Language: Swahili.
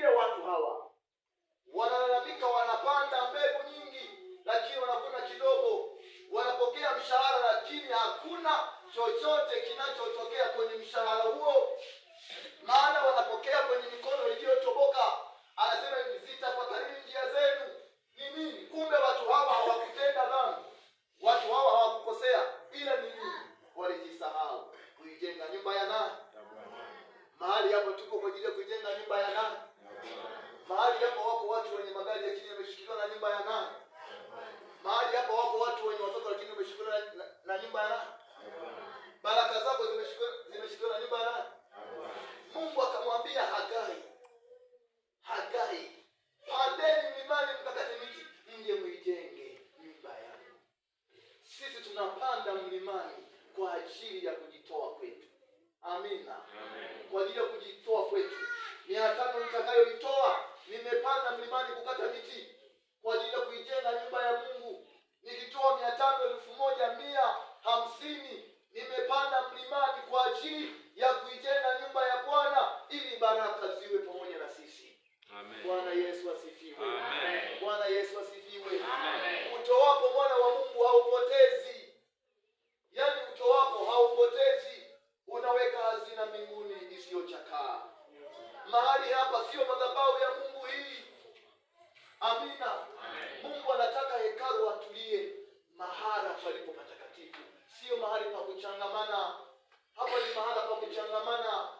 Tuambie watu hawa wanalalamika, wanapanda mbegu nyingi lakini wanakuna kidogo, wanapokea mshahara lakini hakuna chochote kinachotokea kwenye mshahara mahali lakini ameshikiliwa na nyumba ya nani? Mahali hapa wako watu wenye watoto lakini wameshikiliwa na, na nyumba ya nani? Baraka zako zimeshikiliwa zimeshikiliwa na nyumba ya nani? Mungu akamwambia Hagai, Hagai, pandeni mlimani mkakate miti mje muijenge nyumba yangu. Sisi tunapanda mlimani kwa ajili ya kujitoa kwetu. Amina, amen. Kwa ajili ya kujitoa kwetu hazina mbinguni isiyochakaa. Mahali hapa sio madhabahu ya Mungu hii. Amina. Mungu anataka hekalu atulie mahala palipo patakatifu, sio mahali pa kuchangamana. Hapa ni mahala pa kuchangamana